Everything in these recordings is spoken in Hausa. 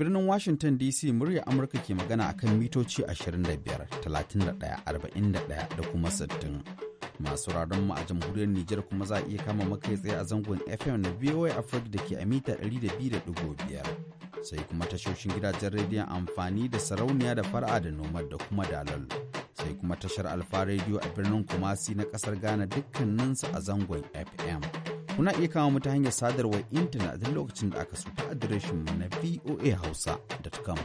birnin Washington DC murya Amurka ke magana akan mitoci 25, 31, 41 da kuma 60. Masu raron mu a jamhuriyar Nijar kuma za a iya kama makai tsaye a zangon FM na VOA Africa da ke a mita 200.5. Sai kuma tashoshin gidajen rediyon amfani da sarauniya da fara'a da nomad da kuma dalal. Sai kuma tashar Alfa Radio a birnin Kumasi na kasar Ghana dukkaninsu a zangon FM. Kuna iya kama mu ta hanyar sadarwar intanet duk lokacin da aka so ta adireshin mu na voahausa.com.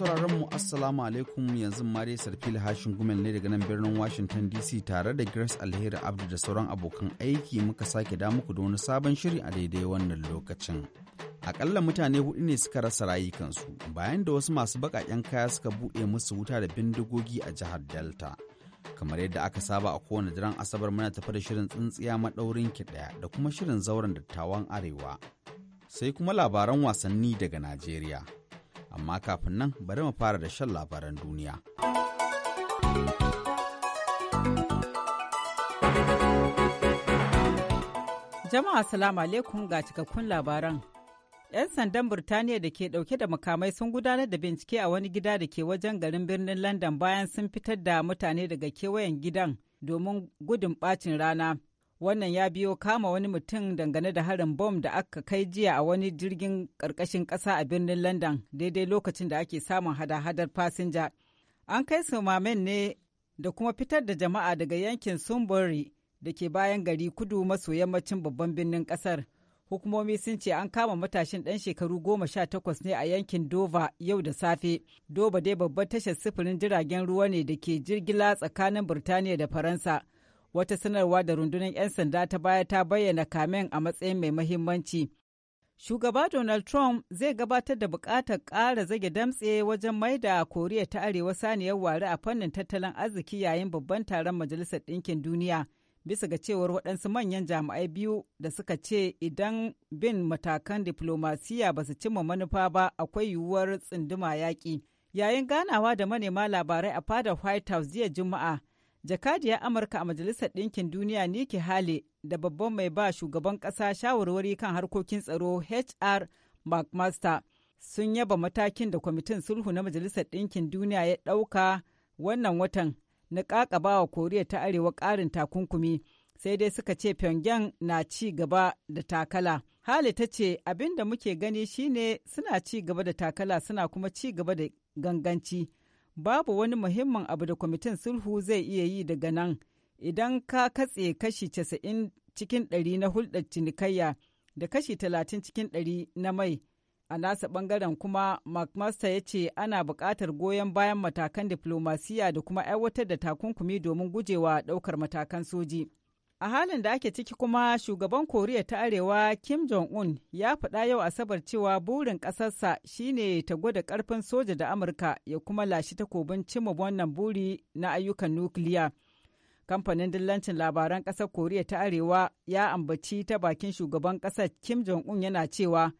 sauraron mu assalamu alaikum yanzu mare sarfil hashin gumel ne daga nan birnin washington dc tare da grace alheri abdu da sauran abokan aiki muka sake da muku da wani sabon shiri a daidai wannan lokacin akalla mutane hudu ne suka rasa rayukansu bayan da wasu masu baƙaƙen kaya suka buɗe musu wuta da bindigogi a jihar delta kamar yadda aka saba a kowane daren asabar muna tafi da shirin tsintsiya maɗaurin ki ɗaya da kuma shirin zauren dattawan arewa sai kuma labaran wasanni daga najeriya amma kafin nan bari mu fara da shan labaran duniya jama'a salamu alaikum ga cikakkun labaran 'Yan sandan Burtaniya da ke dauke da makamai sun gudanar da bincike a wani gida da ke wajen garin birnin London bayan sun fitar da mutane daga kewayen gidan domin gudun bacin rana. Wannan ya biyo kama wani mutum dangane da harin bom da aka kai jiya a wani jirgin karkashin ƙasa a birnin London daidai lokacin da ake samun hada-hadar fasinja. An kai sumamen ne da kuma fitar da jama'a daga yankin Sunbury da ke bayan gari kudu maso yammacin babban birnin ƙasar. hukumomi sun ce an kama matashin ɗan shekaru goma sha takwas ne a yankin Dova yau da safe. Dova dai babbar tashar sifirin jiragen ruwa ne da ke jirgila tsakanin Birtaniya da Faransa. Wata sanarwa da rundunar 'yan sanda ta baya ta bayyana kamen a matsayin mai mahimmanci. Shugaba Donald Trump zai gabatar da bukatar kara zage damtse wajen mai da Koriya ta Arewa saniyar wari a fannin tattalin arziki yayin babban taron Majalisar Ɗinkin Duniya. bisa ga cewar waɗansu manyan jami'ai biyu da suka ce idan bin matakan diflomasiya ba su cimma manufa ba akwai yiwuwar tsinduma yaƙi. Yayin ganawa da manema labarai a fadar White House jiya Juma'a, jakadiyar Amurka a Majalisar Ɗinkin Duniya Nikki Haley da babban mai ba shugaban ƙasa shawarwari kan harkokin tsaro HR McMaster sun yaba matakin da kwamitin sulhu na Majalisar Ɗinkin Duniya ya ɗauka wannan watan na wa koriya ta arewa ƙarin takunkumi sai dai suka ce pyongyang na ci gaba da takala hali ta ce abin da muke gani shine suna ci gaba da takala suna kuma ci gaba da ganganci babu wani muhimmin abu da kwamitin sulhu zai iya yi daga nan idan ka katse kashi 90 cikin 100 na hulɗar cinikayya da kashi 30 cikin 100 na mai a nasa bangaren kuma mcmaster ya ce ana buƙatar goyon bayan matakan diflomasiya da kuma aiwatar da takunkumi domin gujewa ɗaukar matakan soji a halin da ake ciki kuma shugaban koriya ta arewa kim jong-un ya faɗa yau asabar cewa burin ƙasarsa shine ta gwada ƙarfin soja da amurka ya kuma lashi takobin cimma wannan buri na ayyukan nukiliya kamfanin dillancin labaran ƙasar koriya ta arewa ya ambaci ta bakin shugaban ƙasar kim jong-un yana cewa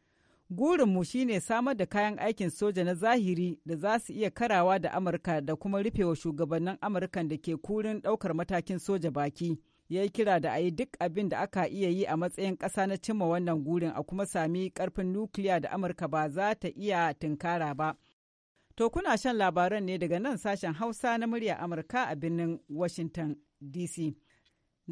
Gurinmu shine samar da kayan aikin soja na zahiri da za su iya karawa da Amurka da kuma rufewa shugabannin Amurkan da ke kurin ɗaukar matakin soja baki. Ya yi kira da a yi duk abin da aka iya yi a matsayin ƙasa na cimma wannan gurin a kuma sami ƙarfin nukiliya da Amurka ba za ta iya tunkara ba. To kuna shan labaran ne daga nan sashen Hausa na murya Amurka a birnin Washington DC.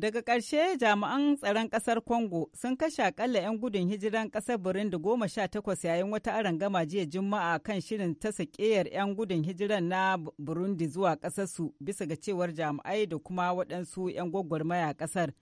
Daga ƙarshe jami'an tsaron ƙasar Congo sun kashe akalla 'yan gudun hijiran ƙasar Burundi goma sha takwas yayin wata aron gama jiya Juma'a kan shirin ta sakeyar 'yan gudun hijiran na Burundi zuwa ƙasarsu bisa ga cewar jami'ai da kuma waɗansu 'yan gwagwarmaya ƙasar.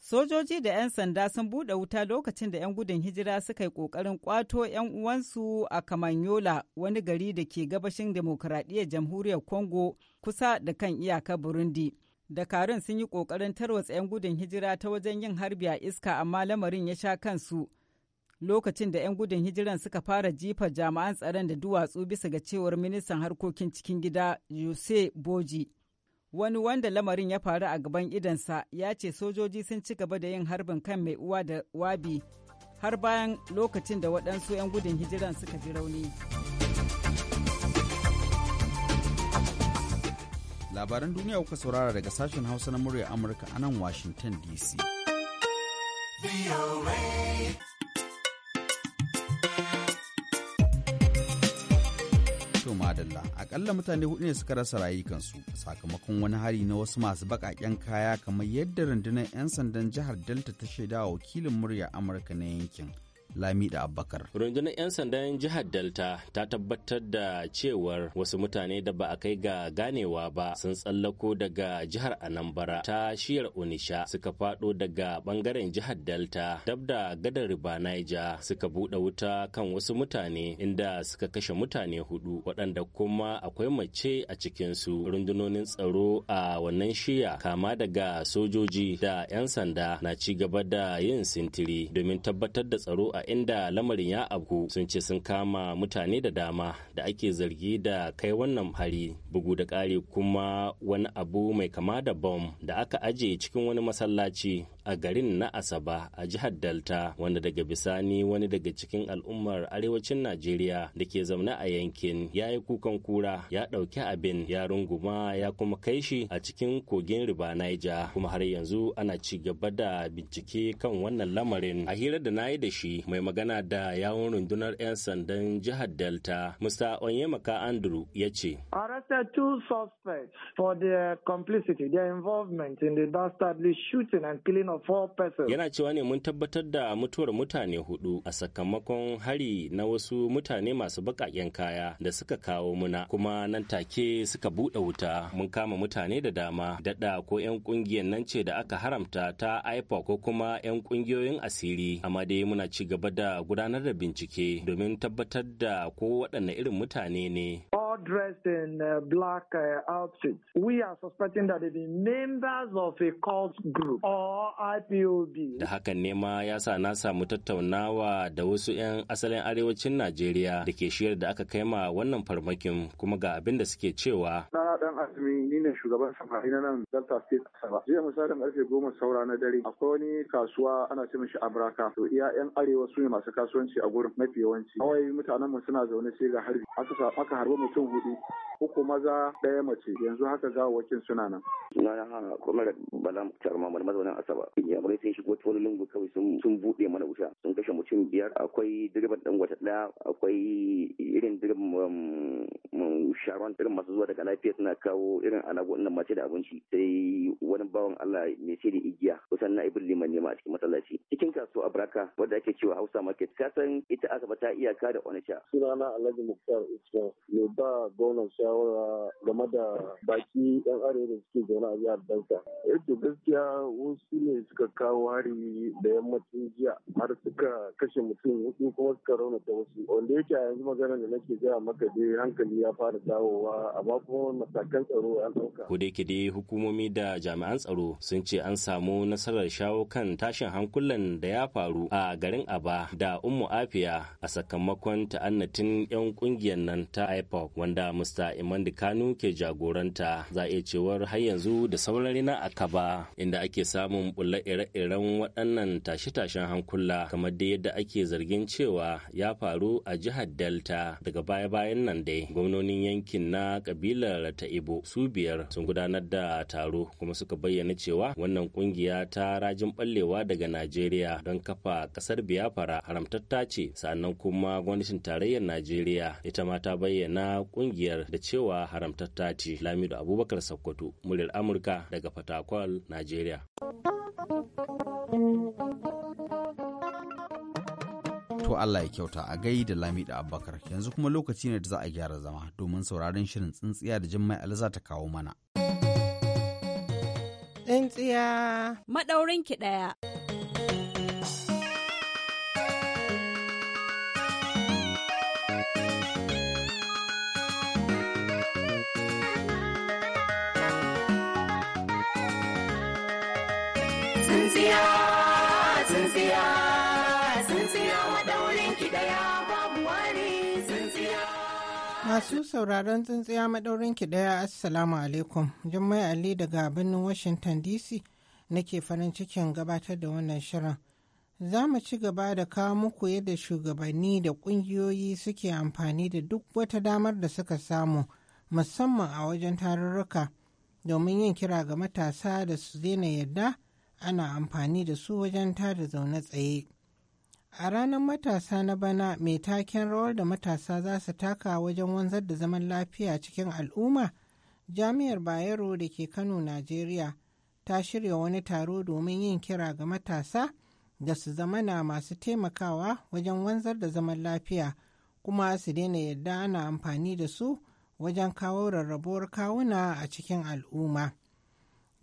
Sojoji da 'yan sanda sun buɗe wuta lokacin da 'yan gudun hijira suka yi ƙoƙarin ƙwato 'yan uwansu a Kamanyola wani gari da ke gabashin demokuraɗiyyar jamhuriyar Congo kusa da kan iyakar Burundi. dakarun sun yi ƙoƙarin tarwatsa 'yan gudun hijira ta wajen yin harbi a iska amma lamarin ya sha kansu lokacin da 'yan gudun hijiran suka fara jifa jami'an tsaron da duwatsu bisa ga cewar ministan harkokin cikin gida jose boji wani wanda lamarin ya faru a gaban idansa ya ce sojoji sun ci gaba da yin harbin kan mai uwa da wabi har bayan lokacin da waɗansu 'yan gudun hijiran suka ji rauni. labaran duniya kuka saurara daga sashen hausa na murya amurka a nan washington dc madalla akalla mutane hudu ne suka rasa rayukansu sakamakon wani hari na wasu masu bakaken kaya kamar yadda rundunar 'yan sandan jihar delta ta shaida wa wakilin murya amurka na yankin Lamida Abubakar. Rundunar 'yan sandan jihar Delta ta tabbatar da cewar wasu mutane da ba a kai ga ganewa ba sun tsallako daga jihar Anambra ta shiyar Onisha suka fado daga bangaren jihar Delta dab da gadar riba Niger suka buɗe wuta kan wasu mutane inda suka kashe mutane hudu waɗanda kuma akwai mace a cikinsu rundunonin tsaro a wannan shiya kama daga sojoji da 'yan sanda na ci gaba da yin sintiri domin tabbatar da tsaro a a inda lamarin ya abu sun ce sun kama mutane da dama da ake zargi da kai wannan hari bugu da ƙari kuma wani abu mai kama da bom da aka aje cikin wani masallaci a garin na Asaba a jihar Delta wanda daga bisani wani daga cikin al'ummar arewacin Najeriya da ke zaune a yankin ya yi kukan kura ya ɗauki abin ya runguma ya kuma kai shi a cikin kogin riba Naija kuma har yanzu ana ci gaba da bincike kan wannan lamarin a hira da na yi da shi mai magana da yawon rundunar 'yan sandan jihar Delta Mr. Onyemaka Andrew ya ce. Arrested two suspects for their complicity, their involvement in the dastardly shooting and killing Yana cewa ne mun tabbatar da mutuwar mutane hudu a sakamakon hari na wasu mutane masu baƙaƙen kaya da suka kawo muna kuma nan take suka buɗe wuta mun kama mutane da dama daɗa ko 'yan ƙungiyar nan ce da aka haramta ta aifa ko kuma 'yan ƙungiyoyin asiri amma dai muna ci gaba da gudanar da bincike domin tabbatar da ko waɗanne irin mutane ne. all dressed in uh, black uh, We are suspecting that they are members of a cult group or Da hakan ne ma ya sa na samu tattaunawa da wasu 'yan asalin arewacin Najeriya da ke shiyar da aka kai ma wannan farmakin kuma ga abin da suke cewa. Na dan azumi ni ne shugaban samari na nan Delta State Asaba. Jiya misalin karfe goma saura na dare akwai wani kasuwa ana ce mishi Abraka. To iya 'yan arewa su ne masu kasuwanci a gurin mafi yawanci. Kawai mutanenmu suna zaune sai ga harbi. Aka harba mutum hudu. Uku maza ɗaya mace yanzu haka gawawakin suna nan. Na kuma Bala Muktar Mamman mazaunin Asaba. inyamurai sun shigo ta wani lungu kawai sun buɗe mana wuta sun kashe mutum biyar akwai direban dan wata ɗaya akwai irin direban um, um, sharon irin masu zuwa daga lafiya suna kawo irin alago nan mace da abinci sai wani bawan Allah mai sai da igiya kusan na ibin liman nema a cikin matsalaci. cikin kasuwa abraka wadda ake cewa hausa market ka san ita asaba ta iyaka da onisha sunana alhaji muktar isma mai ba gwamnan shawara game da baki yan arewa da suke zaune a jihar delta yadda eh, to gaskiya wasu ne suka kawo hari da yammacin jiya har suka kashe mutum hudu kuma suka raunata wasu wanda yake a yanzu magana da nake gaya maka dai hankali ya fara dawowa amma kuma matakan tsaro an ɗauka. ko da dai hukumomi da jami'an tsaro sun ce an samu nasarar shawo kan tashin hankulan da ya faru a garin aba da ummu afiya a sakamakon ta'annatin 'yan kungiyar nan ta ipop wanda mr imandi kanu ke jagoranta za a iya cewar har yanzu da sauran rina a inda ake samun bula ɓulla ire-iren waɗannan tashe-tashen hankula kamar da yadda ake zargin cewa ya faru a jihar delta daga baya-bayan nan dai gwamnonin yankin na kabilar ta ibo su biyar sun gudanar da taro kuma suka bayyana cewa wannan kungiya ta rajin ɓallewa daga najeriya don kafa ƙasar biyafara, haramtatta ce sannan kuma gwamnatin tarayyar najeriya ita ma ta bayyana kungiyar da cewa haramtatta ce lamido abubakar sokoto muryar amurka daga fatakwal najeriya To Allah ya kyauta a gai da lami da Abubakar yanzu kuma lokaci ne da za a gyara zama domin sauraron shirin tsintsiya da jin Ali alza ta kawo mana. Tsintsiya maɗaurinki ɗaya. tsintsiya tsintsiya tsintsiya madaurin ki babu wani tsintsiya masu sauraron tsintsiya maɗaurin ki daya assalamu alaikum jummai ali daga birnin washington dc nake farin cikin gabatar da wannan shirin za mu ci gaba da kawo muku yadda shugabanni da ƙungiyoyi suke amfani da duk wata damar da suka samu musamman a wajen tarurruka domin yin kira ga matasa da su daina yadda ana amfani da su wajen tada zaune tsaye. A ranar matasa na bana mai taken rawar da matasa za su taka wajen wanzar da zaman lafiya cikin al'umma, Jami'ar Bayero da ke Kano, Najeriya ta shirya wani taro domin yin kira ga matasa da su zamana masu taimakawa wajen wanzar da zaman lafiya kuma su daina yadda ana amfani da su wajen kawo rarrabuwar kawuna a cikin al'umma.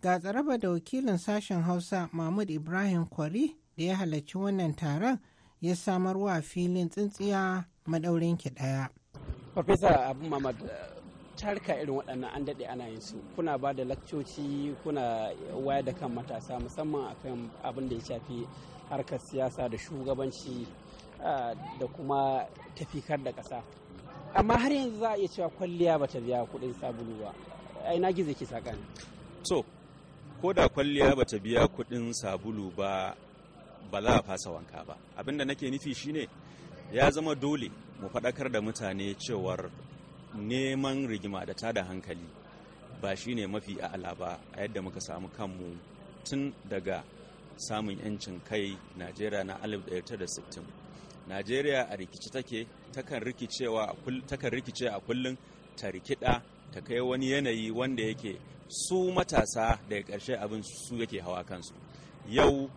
Ga tsaraba da wakilin sashen Hausa Mahmud Ibrahim Kwari da ya halarci wannan taron ya samarwa filin tsintsiya madaurin ki daya. Farfesa Abu Mamad uh, tarka irin waɗannan an daɗe ana yin su kuna ba da lakcoci kuna waya da kan matasa musamman akan abin da ya shafi harkar siyasa da shugabanci uh, da kuma tafikar da ƙasa amma har yanzu za a iya cewa kwalliya ba ta biya kuɗin sabulu ba ai na gizo ke saƙa so ko da kwalliya ba ta biya kuɗin sabulu ba ba za a fasa wanka ba abinda da nake nufi shine ya zama dole mu faɗakar da mutane cewar neman rigima da tada hankali ba shine mafi a'ala ba a yadda muka samu kanmu tun daga samun 'yancin kai najeriya na 1960 najeriya a rikici take takan rikice a kullum ta rikida ta kai wani yanayi wanda yake su matasa daga ƙarshe abin su yake hawa kansu yau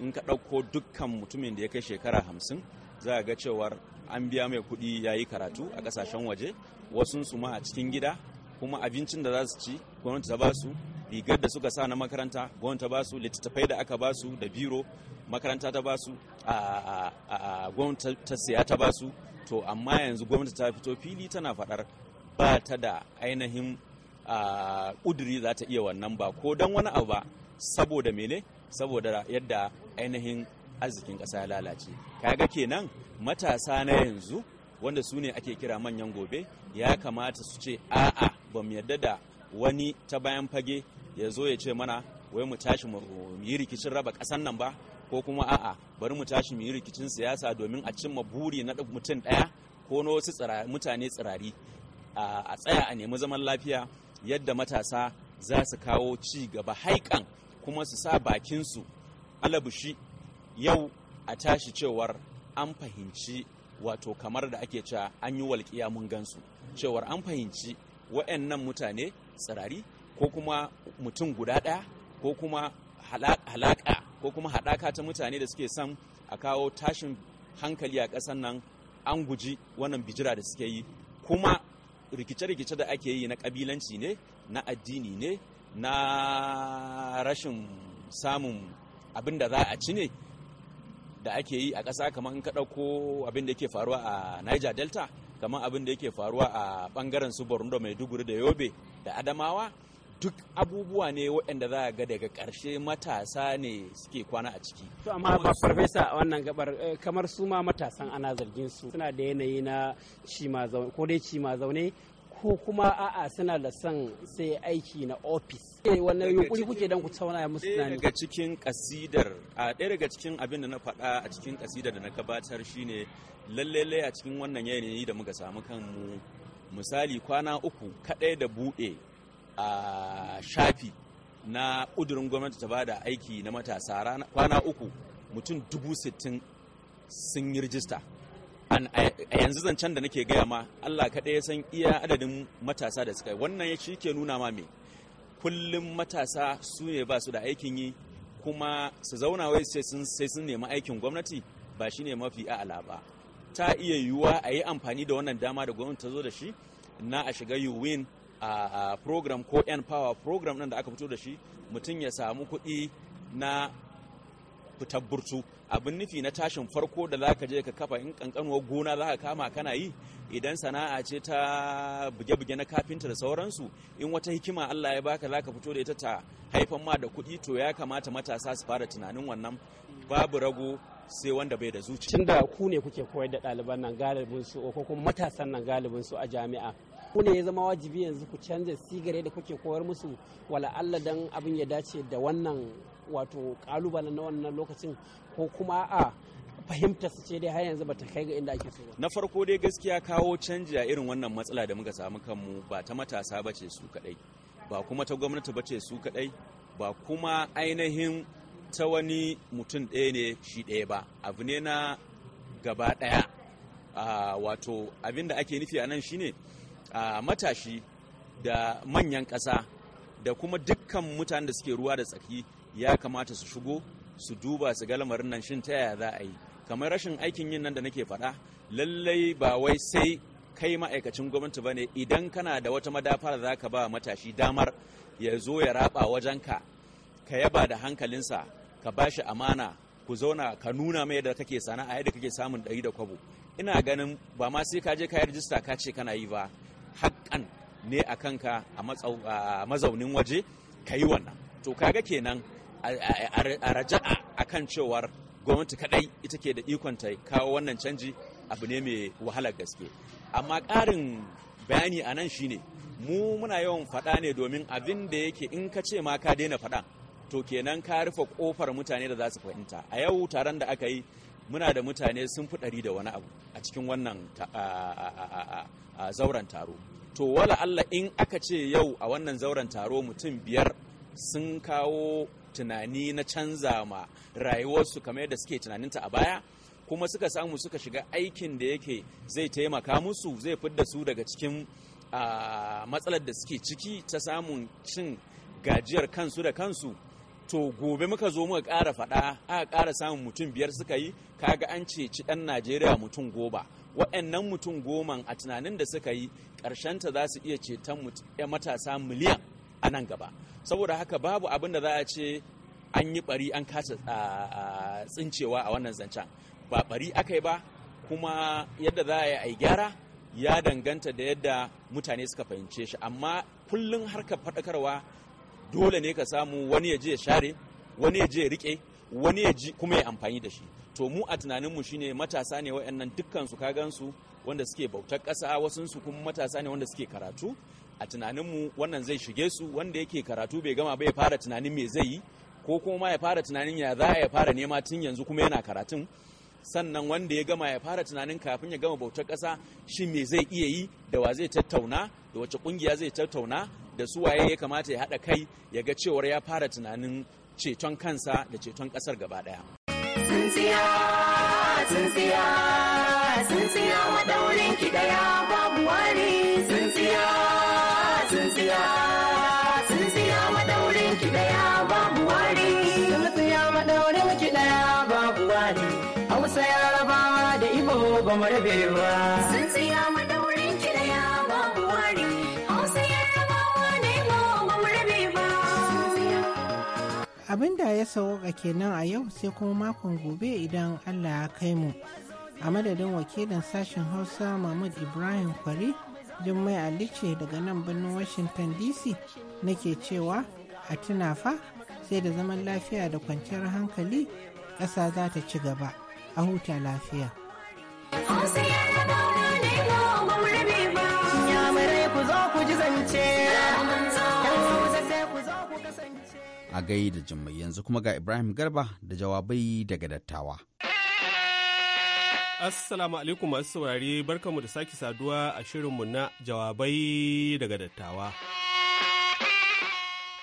in ka ɗauko dukkan mutumin da ya kai shekara hamsin za a ga cewar an biya mai kuɗi ya yi karatu a ƙasashen waje wasu su ma a cikin gida kuma abincin da za su ci gwamnati ta ba su rigar da suka sa na makaranta gwamnati ta ba su littattafai da aka ba su da biro makaranta ta ba su a gwamnati ta siya ta ba su to amma yanzu gwamnati ta fito fili tana faɗar ba ta da ainihin Kuduri za ta iya wannan ba ko don wani abu ba saboda mene saboda yadda ainihin arzikin ƙasa ya lalace kaga kenan matasa na yanzu wanda su ne ake kira manyan gobe ya kamata su ce a'a ba mu yarda da wani ta bayan fage ya zo ya ce mana wai mu tashi mu yi rikicin raba ƙasan nan ba ko kuma a'a bari mu tashi mu yi rikicin siyasa domin a cimma buri na mutum ɗaya ko na wasu mutane tsirari a tsaya a nemi zaman lafiya yadda matasa za su kawo ci gaba haikan kuma su sa bakinsu alabushi yau a tashi cewar an fahimci wato kamar da ake cewa an yi walƙiya mun gansu cewar an fahimci wa'annan mutane tsirari ko kuma mutum guda ɗaya ko kuma halaka ko kuma haɗaka ta mutane da suke son a kawo tashin hankali a ƙasar nan an guji wannan bijira da suke yi kuma rikice-rikice da ake yi na kabilanci ne na addini ne na rashin samun abin da za a ci ne da ake yi a ƙasa kamar in ka ɗauko abin da yake faruwa a niger delta kamar abin da yake faruwa a ɓangaren su borno maiduguri da yobe da adamawa duk abubuwa ne waɗanda za a ga daga ƙarshe matasa ne suke kwana a ciki. To amma ba farfesa a wannan gabar eh, kamar su ma matasan ana zargin su suna da yanayi na ko dai ci ma zaune ko kuma a'a suna da son sai aiki na ofis eh wannan yunkuri kuke dan ku tauna musu tunani daga cikin kasidar a ɗaya daga cikin abin da na faɗa a cikin kasidar da na gabatar shine lalle a cikin wannan yanayi da muka samu kanmu misali kwana uku kaɗai da buɗe a shafi na ƙudurin gwamnati ta bada aiki na matasa kwana uku mutum dubu sittin sun yi rijista a yanzu zancen da nake gaya ma allah kaɗai ya san iya adadin matasa da suka yi wannan ya shi nuna ma me kullum matasa su ne ba su da aikin yi kuma su zauna wai sai sun nemi aikin gwamnati ba shi ne mafi a'ala ba ta iya yiwuwa a yi amfani da wannan dama da gwamnati ta zo da shi na a shiga yuwin a program ko yan power program nan da aka fito da shi mutum ya samu kuɗi na fitar burtu abin nufi na tashin farko da za ka je ka kafa in kankanuwar gona za ka kama kana yi idan sana'a ce ta buge-buge na kafinta da sauransu in wata hikima Allah ya baka za ka fito da ita ta haifan ma da kuɗi to ya kamata matasa su fara tunanin wannan babu rago sai wanda bai da zuci. Tun ku ne kuke koyar da ɗaliban nan galibin ko kuma matasan nan galibin su a jami'a ku ne ya zama wajibi yanzu ku canza sigare da kuke koyar musu wala Allah dan abin ya dace da wannan wato kalubalen na wannan lokacin ko kuma a fahimta su ce dai har yanzu bata kai ga inda ake so na farko dai gaskiya kawo canji a irin wannan matsala da muka samu kanmu ba ta matasa bace su kadai ba kuma ta gwamnati bace su kadai ba kuma ainihin ta wani mutum ɗaya ne shi ɗaya ba abu ne na gaba ɗaya ah, wato abin da ake nufi a nan shine A matashi da manyan ƙasa da kuma dukkan mutanen da suke ruwa da tsaki ya kamata su shigo su duba su ga lamarin nan shin ta yaya za a yi kamar rashin aikin yin nan da nake faɗa lallai ba wai sai kai ma'aikacin gwamnati ba ne idan kana da wata madafa da za ka ba matashi damar ya zo ya raba wajen ka ka yaba da hankalinsa ka ba shi amana ku zauna ka nuna mai yadda kake sana'a yadda kake samun ɗari da kwabo ina ganin ba ma sai ka je ka yi rajista ka ce kana yi ba haƙƙan ne a kanka a mazaunin waje ka yi wannan to kaga kenan a raja'a kan cewar gwamnati kadai ita ke da ikon ta kawo wannan canji abu ne mai wahalar gaske amma ƙarin bayani a nan shine mu muna yawan faɗa ne domin abin da yake in ka ce ma ka daina faɗa to kenan ka rufe kofar mutane da za su fahimta a yau taron da aka yi muna da mutane sun fi ɗari da wani abu a cikin wannan a zauren taro to wala Allah in aka ce yau a wannan zauren taro mutum biyar sun kawo tunani na canza ma rayuwarsu kamar yadda suke tunaninta a baya kuma suka samu suka shiga aikin da yake zai taimaka musu zai fidda su daga cikin matsalar da suke ciki ta samun cin gajiyar kansu da kansu to gobe muka zo muka ƙara faɗa aka ƙara samun mutum biyar suka yi kaga an ceci ɗan najeriya mutum goma waɗannan mutum goman a tunanin da suka yi ta za su iya ceton matasa miliyan a nan gaba saboda haka babu abin da za a ce an yi bari an kasa tsincewa a wannan zancen ba ɓari aka yi ba kuma yadda za a yi gyara ya danganta da yadda mutane suka fahimce shi amma kullum harkar faɗakarwa dole ne ka samu wani ya je ya share wani ya je ya rike wani ya ji kuma ya amfani da shi to mu a tunaninmu shine matasa ne waɗannan dukkan su gansu wanda suke bautar ƙasa wasunsu kuma matasa ne wanda suke karatu a tunaninmu wannan zai shige su wanda yake karatu bai gama bai fara tunanin me zai yi ko kuma ya fara tunanin ya za ya fara nema tun yanzu kuma yana karatun sannan wanda ya gama ya fara tunanin kafin ya gama bautar ƙasa shi me zai iya yi da wa zai tattauna da wace ƙungiya zai tattauna da su waye ya kamata ya haɗa kai ya ga cewar ya fara tunanin ceton kansa da ceton ƙasar gaba ɗaya. Sun siya tsintsiya maɗaurin ki ɗaya babu wani Sun siya tsintsiya maɗaurin ki ɗaya babu wani. Tsintsiya maɗaurin ki ɗaya babu wani. Hausa Yarabawa da Ibo ba mu rabe ba. abin da ya sauka kenan a yau sai kuma makon gobe idan allah ya kai mu a madadin wakilin sashen hausa mahmud ibrahim kwari jummai alice daga nan birnin washington dc nake cewa a tuna sai da zaman lafiya da kwanciyar hankali ƙasa za ta ci gaba a huta lafiya. a gai da jimmai yanzu kuma ga Ibrahim Garba da jawabai daga dattawa. Assalamu alaikum masu saurari. barkanmu da sake saduwa a shirinmu na jawabai daga dattawa.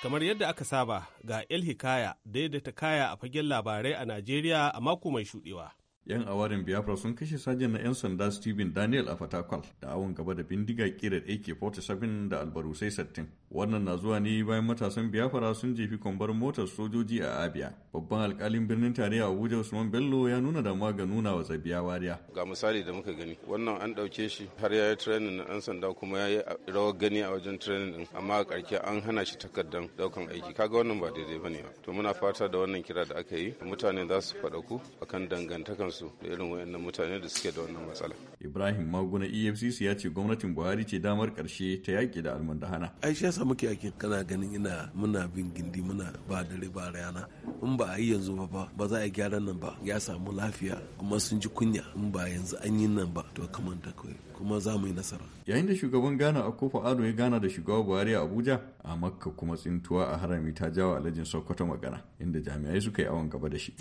Kamar yadda aka saba ga El Hikaya daidaita kaya a fagen labarai a Najeriya a mako mai shuɗewa. 'yan awarin biafra sun kashe sajin na 'yan sanda steven daniel a fatakwal da awon gaba da bindiga kirar ak-47 da albarusai 60 wannan na zuwa ne bayan matasan biafra sun jefi kwambar motar sojoji a abia babban alkalin birnin tarayya abuja usman bello ya nuna damuwa ga nuna wa zabiya wariya ga misali da muka gani wannan an ɗauke shi har ya yi training na 'yan sanda kuma ya yi rawar gani a wajen training din amma a ƙarshe an hana shi takardar daukan aiki kaga wannan ba daidai ba ne to muna fata da wannan kira da aka yi mutane za su faɗaku akan dangantakansu su da irin wayannan mutane da suke da wannan matsala. Ibrahim Maguna EFCC ya ce gwamnatin Buhari ce damar karshe ta yaki da almundahana. Ai shi yasa muke yaƙi kana ganin ina muna bin gindi muna ba dare ba rana in ba a yi yanzu ba ba za a gyara nan ba ya samu lafiya kuma sun ji kunya in ba yanzu an yi nan ba to kamanta kawai kuma za mu yi nasara. Yayin da shugaban Ghana Akufo Addo ya gana da shugaba Buhari a Abuja a Makka kuma tsintuwa a harami ta jawa alhajin Sokoto magana inda jami'ai suka yi awon gaba da shi.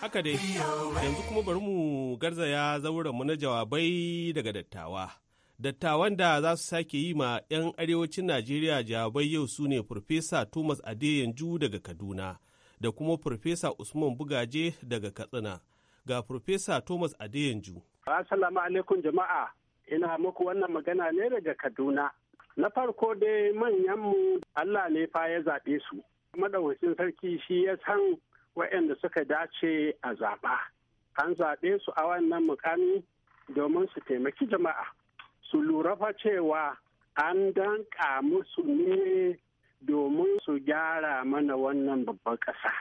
Haka dai, yanzu kuma bari mu garzaya mu na jawabai daga dattawa. Dattawan da za su sake yi ma 'yan arewacin Najeriya jawabai yau su ne Farfesa Thomas Adeyanju daga Kaduna da kuma Farfesa Usman Bugaje daga Katsina. Ga Farfesa Thomas Adeyanju. Assalamu alaikum jama'a, ina muku wannan magana ne daga Kaduna. Na farko dai manyanmu Allah ne fa ya zaɓe su. Madawacin sarki shi ya san waɗanda suka dace a zaɓa an zaɓe su a wannan mukami domin su taimaki jama'a su lura fa cewa an danƙa musu ne domin su gyara mana wannan babban ƙasa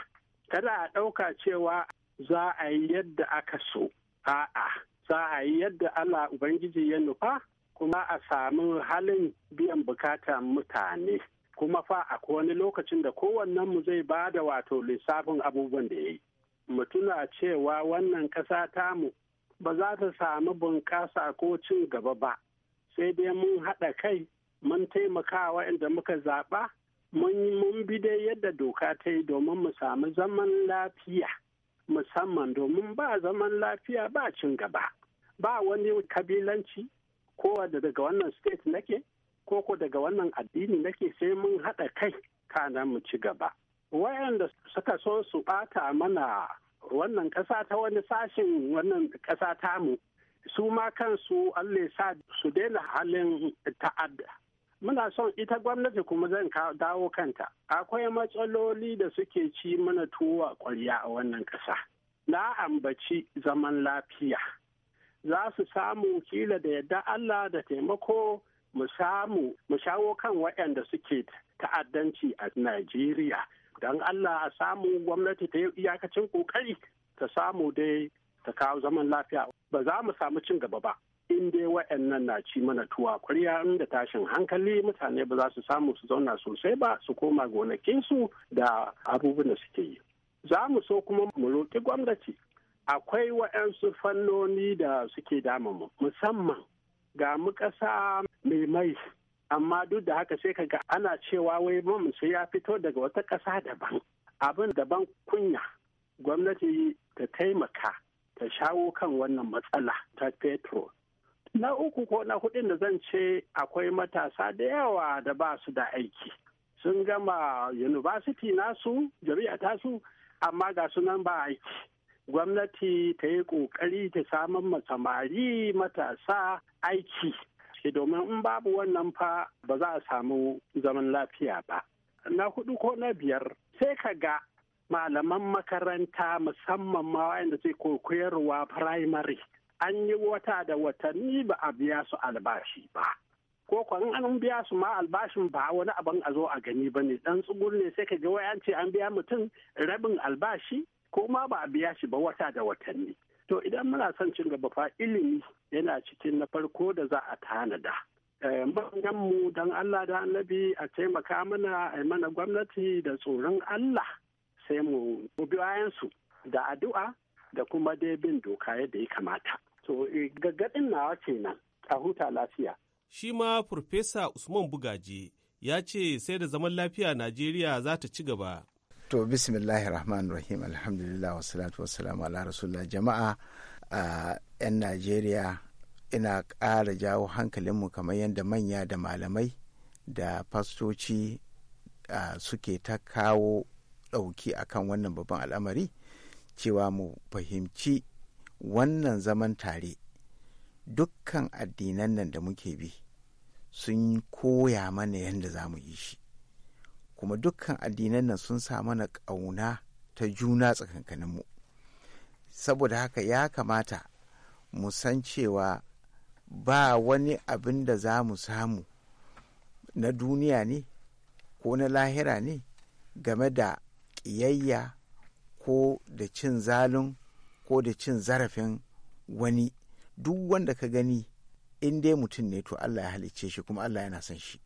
kada a ɗauka cewa za a yi yadda aka so a'a za a yi yadda allah ubangiji ya nufa kuma a samu halin biyan bukatan mutane kuma fa akwai wani lokacin da kowannen mu zai ba da wato lissafin abubuwan da ya yi mutuna cewa wannan ƙasa tamu ba za ta samu bunƙasa ko cin gaba ba sai dai mun haɗa kai mun taimaka inda muka zaɓa mun bi dai yadda doka ta yi domin mu samu zaman lafiya musamman domin ba zaman lafiya ba cin gaba ba wani kabilanci kowa daga wannan state nake koko daga wannan addini nake sai mun haɗa kai kana mu ci gaba wayanda suka so su ɓata mana wannan ƙasa ta wani sashen wannan ƙasa mu. su ma kansu Allah sa su daina halin ta'adda muna son ita gwamnati kuma zan dawo kanta akwai matsaloli da suke ci mana tuwa ƙwarya a wannan ƙasa na ambaci zaman lafiya za su samu kila da yadda Allah da taimako mu samu mu shawo kan waɗanda suke ta'addanci a Najeriya. Don Allah a samu gwamnati ta yi iyakacin kokari ta samu dai ta kawo zaman lafiya ba za mu samu cin gaba ba. In dai waɗannan na ci mana tuwa kwarya inda tashin hankali mutane ba za su samu su zauna sosai ba su koma gonakinsu da abubuwan da suke yi. Za mu so kuma mu roƙi gwamnati akwai waɗansu fannoni da suke damu musamman ga mu ƙasa mai mai amma duk da haka sai kaga ana cewa wai bom sai ya fito daga wata ƙasa daban abin daban kunya gwamnati ta taimaka ta shawo kan wannan matsala ta petro na uku ko na hudun da zan ce akwai matasa da yawa da ba su da aiki sun gama university nasu jami'a tasu amma ga sunan ba aiki gwamnati ta yi kokari ta samun samari matasa aiki gaske domin in babu wannan fa ba za a samu zaman lafiya ba. Na hudu ko na biyar sai ka ga malaman makaranta musamman ma wayanda ko koyarwa firamare an yi wata da watanni ba a biya su albashi ba. Ko kwan an biya su ma albashin ba wani abin a zo a gani ba ne dan tsugur ne sai ka ga wai an ce an biya mutum rabin albashi ko ma ba a biya shi ba wata da watanni. To idan muna son cin gaba fa ilimi yana cikin na farko da za a tanada. Eh, mu don Allah da annabi a taimaka mana a mana gwamnati da tsoron Allah sai mu bi su da addu'a da kuma dai bin doka yadda ya kamata. To eh, gaggadin nawa kenan a huta lafiya. Shi ma Farfesa Usman Bugaji ya ce sai da zaman lafiya Najeriya za ta ci gaba. to bismillahir rahmanir rahim alhamdulillah wassalatu wassalamu ala rasulullah jama'a a 'yan najeriya ina ƙara jawo hankalinmu kamar yadda manya da malamai da fastoci suke ta kawo ɗauki akan wannan babban al'amari cewa mu fahimci wannan zaman tare dukkan addinan nan da muke bi sun koya mana yadda za mu yi shi kuma dukkan addinan nan sun sa mana ƙauna ta juna tsakankaninmu saboda haka ya kamata mu san cewa ba wani abin da za mu samu na duniya ne ko na lahira ne game da ƙiyayya ko da cin zalun ko da cin zarafin wani duk wanda ka gani in dai mutum ne to Allah ya halicce shi kuma Allah yana son shi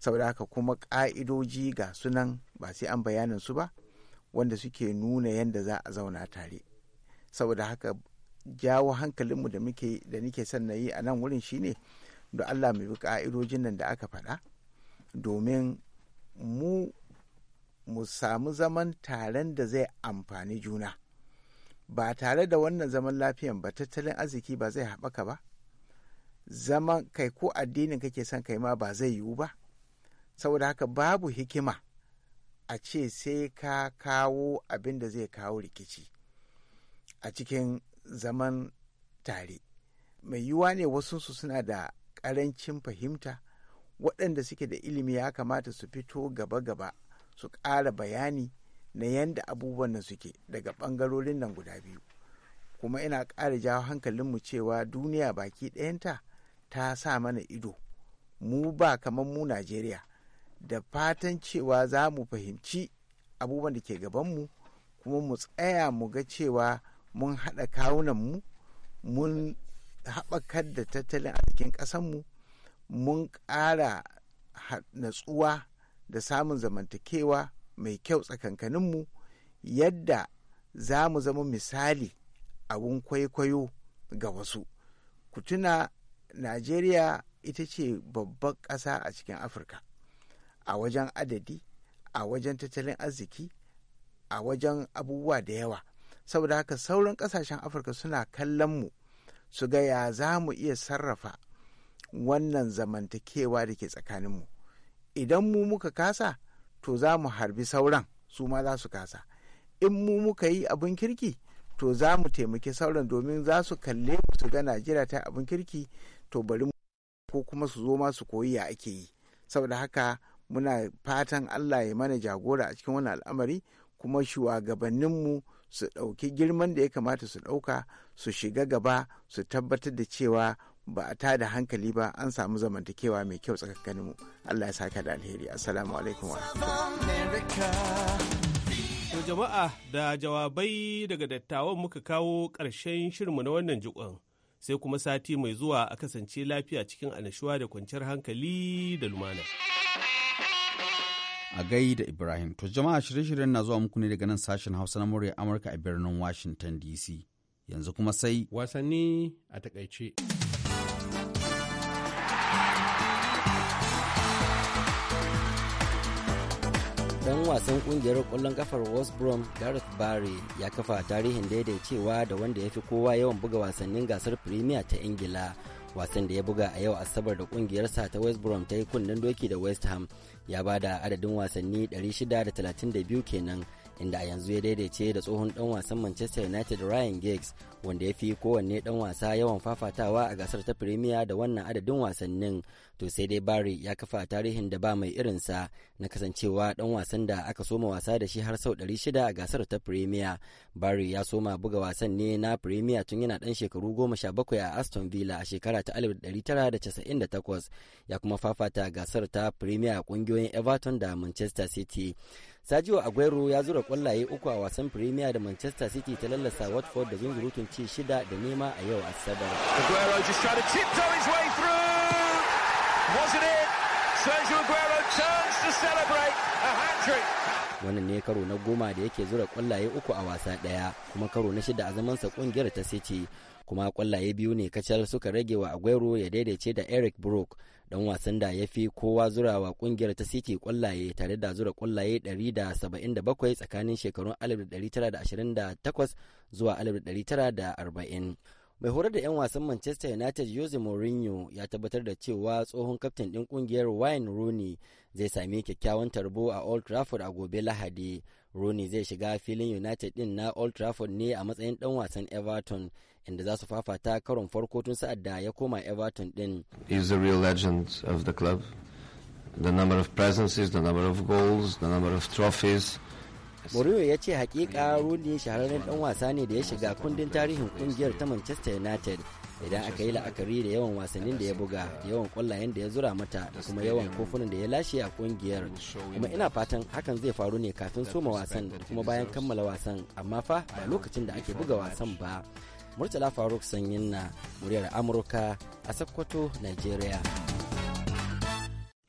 saboda haka kuma ƙa'idoji ga sunan ba sai an bayanin su ba wanda suke nuna yadda za a zauna tare saboda haka jawo hankalinmu da muke da nike son na yi a nan wurin shine da Allah mai bi ka'idojin nan da aka faɗa domin mu mu samu zaman taren da zai amfani juna ba tare da wannan zaman lafiyan ba tattalin arziki ba zai haɓaka ba zaman kai ko addinin kake son kai ma ba zai yiwu ba saboda haka babu hikima a ce sai ka kawo abin da zai kawo rikici a cikin zaman tare mai yiwuwa ne su suna da ƙarancin fahimta waɗanda suke da ilimi ya kamata su fito gaba-gaba su ƙara bayani na yadda abubuwan nan suke daga ɓangarorin nan guda biyu kuma ina ƙara jawo hankalinmu cewa duniya baki ɗayanta ta sa mana ido mu ba kamar mu najeriya da fatan cewa za mu fahimci abubuwan da ke gabanmu kuma mu tsaya mu ga cewa mun haɗa kawunanmu mun haɓakar da tattalin arzikin ƙasanmu mun ƙara natsuwa da samun zamantakewa mai kyau tsakankaninmu yadda za mu zama misali abun kwaikwayo ga wasu kutuna najeriya ita ce babban ƙasa a cikin afirka a wajen adadi a wajen tattalin arziki a wajen abubuwa da yawa saboda haka sauran kasashen afirka suna kallon mu su ga ya za mu iya sarrafa wannan zamantakewa da ke tsakaninmu idan mu muka kasa to za mu harbi sauran su ma za su kasa in mu muka yi abin kirki to za mu taimaki sauran domin za su kalle su ga najeriya ta abin kirki to bari mu ko kuma su zo ma su koyi ya ake yi saboda haka muna fatan allah ya mana jagora a cikin wannan al'amari kuma shugabanninmu su ɗauki girman da ya kamata su ɗauka su shiga gaba su tabbatar da cewa ba a tada hankali ba an samu zamantakewa mai kyau tsakaninmu allah ya saka da alheri assalamu alaikum wa To jama'a da jawabai daga dattawan muka kawo ƙarshen shirmu na wannan jikon sai kuma sati mai zuwa a kasance lafiya cikin annashuwa da kwanciyar hankali da lumana. a gai da Ibrahim. To jama'a shirye-shiryen na zuwa muku ne daga nan sashen Hausa na murya Amurka a birnin Washington DC. Yanzu kuma sai wasanni a takaice. Dan wasan kungiyar kwallon kafar West Brom Gareth Barry ya kafa tarihin daidaicewa da wanda ya fi kowa yawan buga wasannin gasar Premier ta Ingila. wasan da ya buga a yau asabar da kungiyarsa ta west brom ta yi kunnen doki da west ham ya bada adadin wasanni 632 kenan inda a yanzu ya daidaice da tsohon dan wasan Manchester United Ryan Giggs wanda ya fi kowanne dan wasa yawan fafatawa a gasar ta Premier da wannan adadin wasannin to sai dai Barry ya kafa tarihin da ba mai irin sa na kasancewa dan wasan da aka soma wasa da shi har sau 600 a gasar ta Premier Barry ya soma buga wasan ne na Premier tun yana dan shekaru 17 a Aston Villa a shekara ta 1998 ya kuma fafata gasar ta Premier kungiyoyin Everton da Manchester City Sergio Aguero ya zura kwallaye uku a wasan Premier da Manchester City ta lallasa Watford da zungurutun ci shida da nema a yau Asabar. Aguero just tried to tiptoe his way through. Wasn't it? Sergio Aguero turns to celebrate a hat-trick. wannan ne karo na goma da yake zura kwallaye uku a wasa ɗaya kuma karo na shida a sa kungiyar ta city kuma kwallaye biyu ne kacal suka rage wa aguero ya daidaice da eric brook dan wasan da ya fi kowa zura wa kungiyar ta city kwallaye tare da zura kwallaye 177 tsakanin shekarun 1928 zuwa 1940 mai horar da 'yan wasan manchester united jose mourinho ya tabbatar da cewa tsohon kaftin ɗin ƙungiyar wayne rooney zai sami kyakkyawan tarbo a old trafford a gobe lahadi rooney zai shiga filin united ɗin na old trafford ne a matsayin ɗan wasan everton inda za su fafata karon farko tun sa'ad da ya koma everton ɗin legend of club the number of presences the number of goals the number of trophies Mourinho ya ce hakika Rooney shahararren dan wasa ne da ya shiga kundin tarihin kungiyar ta Manchester United idan aka yi la'akari da yawan wasannin da ya buga yawan kwallayen da ya zura mata da kuma yawan kofunan da ya lashe a kungiyar kuma ina fatan hakan zai faru ne kafin soma wasan da kuma bayan kammala wasan amma fa ba lokacin da ake buga wasan ba murtala faruk sanyin na muryar amurka a sokoto nigeria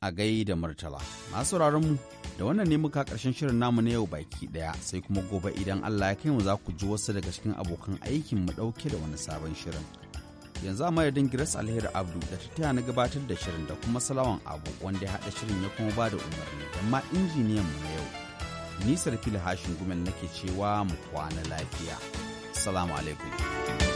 a gaida murtala masu mu da wannan ne muka karshen shirin namu na yau baki daya sai kuma gobe idan Allah ya kai mu za ku ji wasu daga cikin abokan aikin mu dauke da wani sabon shirin yanzu a madadin giras Alheri Abdu da ta taya na gabatar da shirin da kuma Salawan Abu wanda ya haɗa shirin ya kuma ba da umarni da ma injiniyan mu na yau ni Sarfil Hashin Gumel nake cewa mu kwana lafiya salamu alaikum